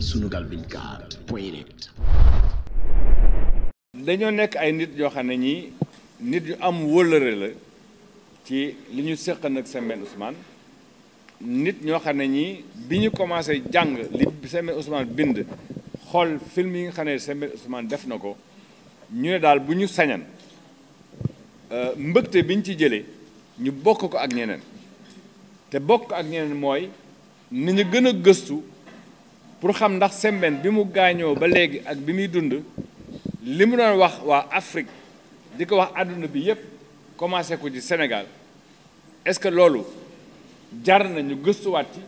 Sunugal 24 point net dañoo nekk ay nit yoo xam ne ñii nit yu am wëllëre la ci li ñu seqan ak Sembène Ousmane nit ñoo xam ne ñii bi ñu commencé jàng li Sembène Ousmane bind xool film yi nga xam ne Sembène Ousmane def na ko ñu ne daal bu ñu sañan euh, mbëgte bi ñu ci jëlee ñu bokk ko ak ñeneen te bokk ak ñeneen mooy ni ñu gën a gëstu pour xam ndax Sembène bi mu gaañoo ba léegi ak bi muy dund li mu doon wax waa Afrique di ko wax àdduna bi yépp commencé ko ci senegal est-ce que loolu jar na ñu gëstuwaat ci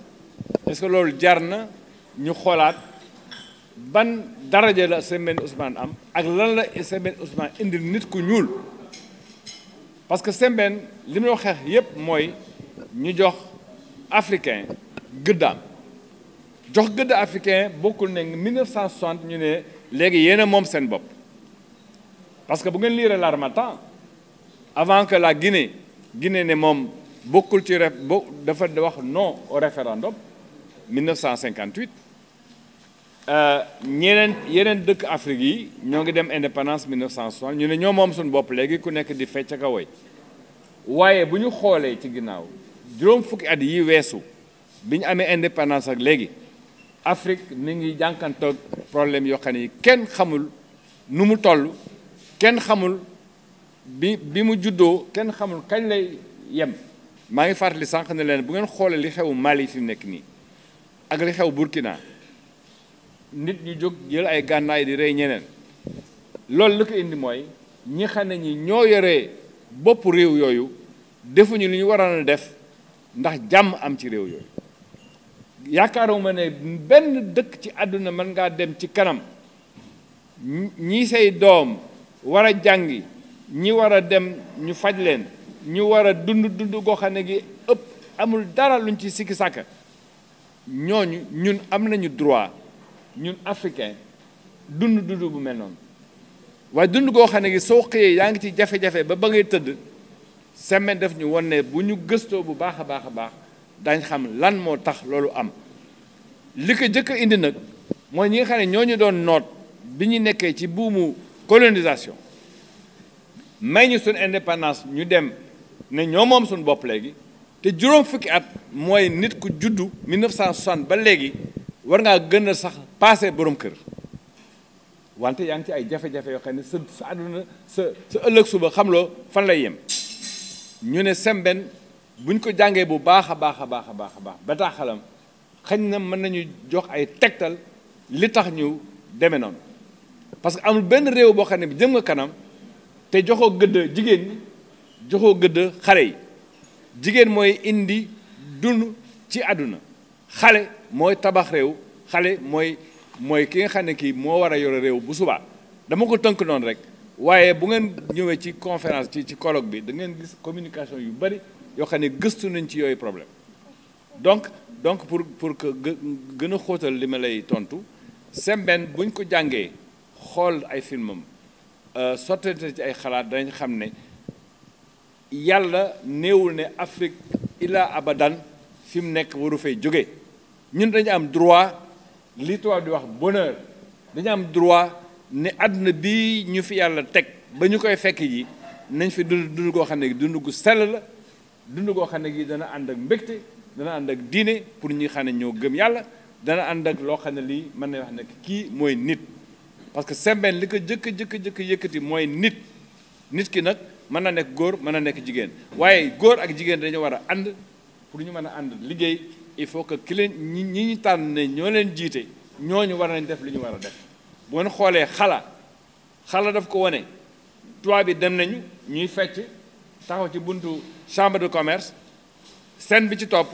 est que loolu jar na ñu xoolaat ban daraja la Sembène Ousmane am ak lan la Sembène Ousmane indil nit ku ñuul parce que Sembène li mu doon xeex yépp mooy ñu jox africain gëddaam jox gëdd africain bokkul ne 1960 ñu ne léegi yéen moom seen bopp parce que bu ngeen lire l'Harmattan avant que la Guinée Guinée ne moom bokkul ci ref bo dafa wax non au référendum 1958 euh, ñeneen yeneen dëkk Afrique yi ñoo ngi dem indépendance 1960 ñu ne ñoo moom suñu bopp léegi ku nekk di fecc ka woy waaye bu ñu xoolee ci ginnaaw juróom fukki at yi weesu bi ñu amee indépendance ak léegi Afrique mi ngi jànkantoog problème yoo xam ne kenn xamul nu mu toll kenn xamul bi bi mu juddoo kenn xamul kañ lay yem maa ngi fàttali sànq ne leen bu ngeen xoolee li xew Mali fi mu nekk nii ak li xew Burkina nit ñu jóg jël ay gànnaay di rey ñeneen loolu li ko indi mooy ñi xam ñi ñoo yore bopp réew yooyu defuñu li ñu waroon a def ndax jàmm am ci réew yooyu yaakaaruma ne benn dëkk ci àdduna mën ngaa dem ci kanam ñi say doom war a jàngi ñi war a dem ñu faj leen ñu war a dund dund goxane gi ëpp amul dara luñ ci sikki sàkka ñooñu ñun am nañu droit ñun africain dund dund bu mel noonu waaye dund goo gi soo xëyee yaa ngi ci jafe-jafe ba ba ngay tëdd semaine def ñu won bu ñu gëstoo bu baax a baax a baax daañ xam lan moo tax loolu am li ko jëkk indi nag mooy ñi nga xam ne ñoo ñu doon noot bi ñu nekkee ci buumu colonisation may ñu suñu indépendance ñu dem ne ñoo moom suñu bopp léegi te juróom fukki at mooy nit ku juddu 1960 ba léegi war ngaa gën a sax passé borom kër wante yaa ngi ci ay jafe-jafe yoo xam ne sa sa àdduna sa ëllëg suba xam loo fan lay yem. ñu ne semben buñ ko jàngee bu baax a baax a baax a baax a baax bataaxalam xañ na mën nañu jox ay tegtal li tax ñu demee noonu parce que amul benn réew boo xam ne bi jëm nga kanam te joxoo gëdd jigéen ñi joxoo gëdd xale yi jigéen mooy indi dund ci àdduna xale mooy tabax réew xale mooy mooy ki nga xam ne kii moo war a yore réew bu subaa dama ko tënk noonu rek waaye bu ngeen ñëwee ci conférence ci ci colloque bi da ngeen gis communication yu bari yoo xam ne gëstu nañ ci yooyu problème donc donc pour pour que gën a xóotal li ma lay tontu Sembène buñ ko jàngee xool ay filmam euh, sottante ci ay xalaat dañ xam ne yàlla néewul ne Afrique ila abadan fi mu nekk waru fay jóge ñun dañu am droit li tubaab wax bonheur dañu am droit ne àdduna bi ñu fi yàlla teg ba ñu koy fekk ji nañ fi dund dund koo xam ne dund gu sell la dund koo xam ne gi dana ànd ak mbégte dana ànd ak diine pour ñi xam ne ñoo gëm yàlla dana ànd ak loo xam ne lii mën na wax ne kii mooy nit parce que sembeen li ko jëkk jëkk jëkk yëkkati mooy nit nit ki nag mën na nekk góor mën na nekk jigéen waaye góor ak jigéen dañu war a ànd pour ñu mën a ànd liggéey il faut que kile leen ñi ñi ñu tànn ne ñoo leen jiite ñoo ñu war nañ def li ñu war a def bu ngeen xoolee xala xala daf ko wane toit bi dem nañu ñuy fecc taxaw ci buntu chambre de commerce scène bi ci topp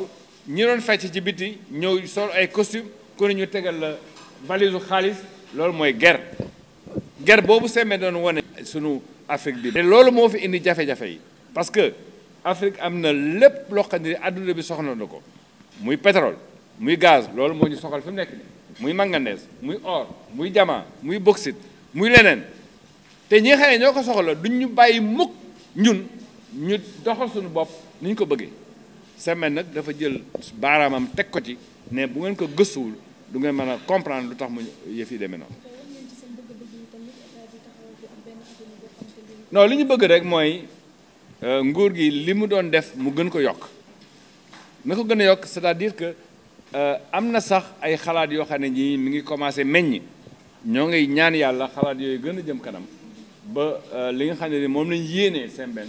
ñi doon fecc ci biti ñëw sol ay costume ku ne ñu tegal la valise xaalis loolu mooy guerre guerre boobu semme doon wane sunu Afrique bi te loolu moo fi indi jafe-jafe yi parce que Afrique am na lépp loo xam ne àdduna bi soxna na ko muy pétrole muy gaz loolu moo ñu soxal fi mu nekk muy manganees muy or muy diamant muy bauxite muy leneen te ñi nga ñoo ko soxla duñ ñu bàyyi mukk ñun ñu doxal suñu bopp ni ñu ko bëggee semaine nag dafa jël baaraamam teg ko ci ne bu ngeen ko gëstuwul du ngeen mën a comprendre lu tax mu yëf yi demee noonu non li ñu bëgg rek mooy euh, nguur gi li mu doon def mu gën ko yokk na ko gën a yokk c'est-à-dire que Euh, am na sax ay xalaat yoo xam ne ñii mi ngi commencé meññ ñoo ngi ñaan yàlla xalaat yooyu gën a jëm kanam ba euh, li nga xam ne ni moom lañ yéenee Sembène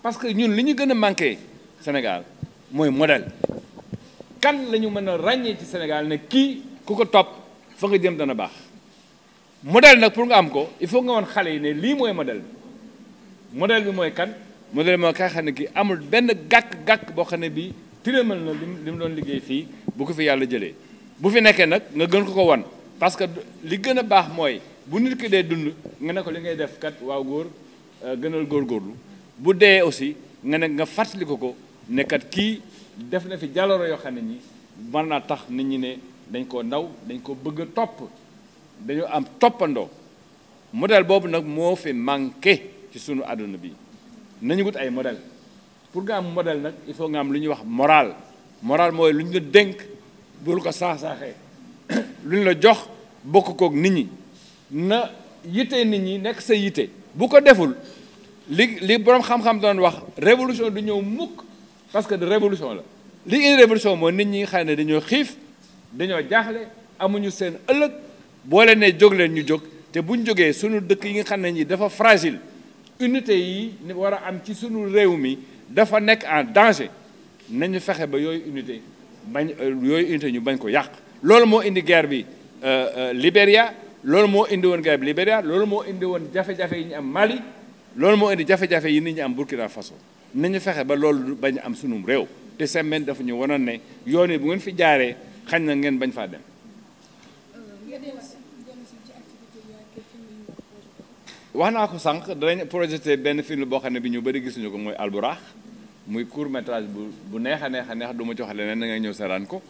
parce que ñun li ñu gën a manqué Sénégal mooy modèle kan lañu mën a ràññee ci Sénégal ne kii ku ko topp fa nga jëm dana baax modèle nag pour nga am ko il faut nga woon xale yi ne lii mooy modèle bi bi mooy kan modèle bi mooy kaa xam ne kii amul benn gàkk-gàkk boo xam ne bii tiramal na lim li mu doon liggéey fii bu ko fi yàlla jëlee bu fi nekkee nag nga gën ko ko wan parce que li gën a baax mooy bu nit ki dee dund nga ne ko li ngay def kat waaw góor euh, gënal góorlu bu dee aussi nga ne nga fàttali ko ko ne kii def na fi jalooro yoo xam ne ñi mën naa tax nit ñi ne dañ koo naw dañ ko bëgg a topp dañoo am toppandoo modèle boobu nag moo fi manqué ci sunu àdduna bi nañu wut ay modèle pour nga am modèle nag il faut nga am lu ñu wax moral moral mooy lu ñu la dénk bul ko saax-saaxee lu ñu la jox bokk kook nit ñi na yitte nit ñi nekk sa yitte bu ko deful li li boroom xam-xam doon wax révolution du ñëw mukk parce que de révolution la li indi révolution mooy nit ñi xam ne dañoo xiif dañoo jaaxle amuñu seen ëllëg boo leen ne jóg leen ñu jóg te bu buñ jógee suñu dëkk yi nga xam ne ñi dafa fragile unité yi war a am ci suñu réew mi dafa nekk en danger nañu fexe ba yooyu unité bañ yooyu unité ñu bañ ko yàq loolu moo indi guerre bi euh, euh, Libéria loolu moo indi woon guerre bi Libéria loolu moo indi woon jafe-jafe yi ñu am Mali loolu moo indi jafe-jafe yi nit ñu am Burkina Faso nañu fexe ba loolu bañ am sunum réew te semaine dafa ñu wanoon ne yoon yi bu ngeen fi jaaree xañ na ngeen bañ faa dem. wax naa ko sanq danañ projeté benn film boo xam ne bi ñu bari gisuñu ko mooy Alburax muy court métrage bu bu neex a neex a neex du ma ci leneen na ngay ñëw saraan ko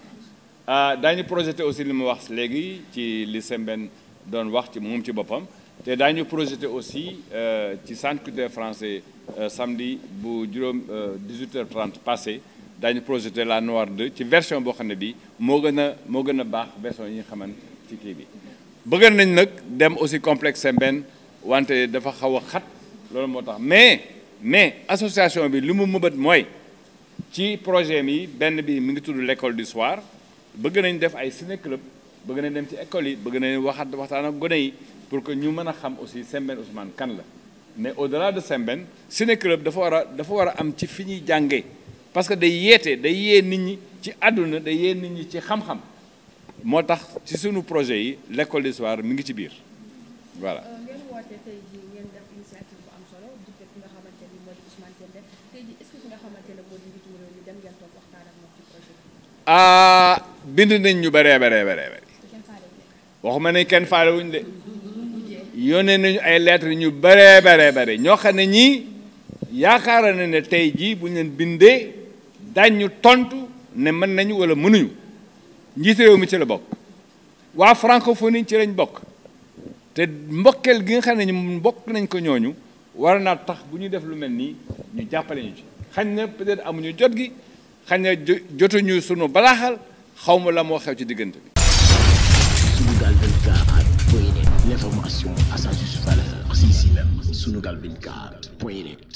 ah, daañu projeté aussi li mu wax léegi ci li semben doon wax ci moom ci boppam te daañu projeté aussi euh, ci centre culturel français euh, samedi bu juróom 18h30 euh, passé daañu projeté la noire de ci version boo xam ne bii moo gën a moo gën a baax version yi nga xamante ci kii bi. bëgg nañ nag dem aussi complex Sembène wante dafa xaw a xat loolu moo tax mais. mais association bi li mu mëbët mooy ci projet mi benn bi mi ngi tudd l'école du soir bëgg nañ def ay ciné club bëgg nañ dem ci école yi bëgg nañ waxat waxtaan ak gone yi pour que ñu mën a xam aussi Sembène Ousmane kan la mais au-delà de Sembène ciné club dafa war a dafa war a am ci fi ñuy jàngee parce que day yeete day yee nit ñi ci àdduna day yee nit ñi ci xam-xam moo tax ci sunu projet yi l'école du soir mi ngi ci biir voilà woote ah, bind nañ ñu bëree bëree bëree waxuma ne kenn faale wuñ de yónnee nañu ay lettres ñu bëree bëree bëri ñoo xam ne ñii yaakaar na ne tey jii bu ñu leen bindee dañu tontu ne mën nañu wala mënuñu njiitu réew mi ci la bokk waa francophonie ci lañ bokk. te mbokkeel gi nga xam ne ñu mbokk nañ ko ñooñu war naa tax bu ñu def lu mel nii ñu jàppale ñu ci xañ ne peut-être amuñu jot gi xañ na jotuñu sunu balaaxal xaw ma la moo xew ci diggante bi. Sunugal 24 point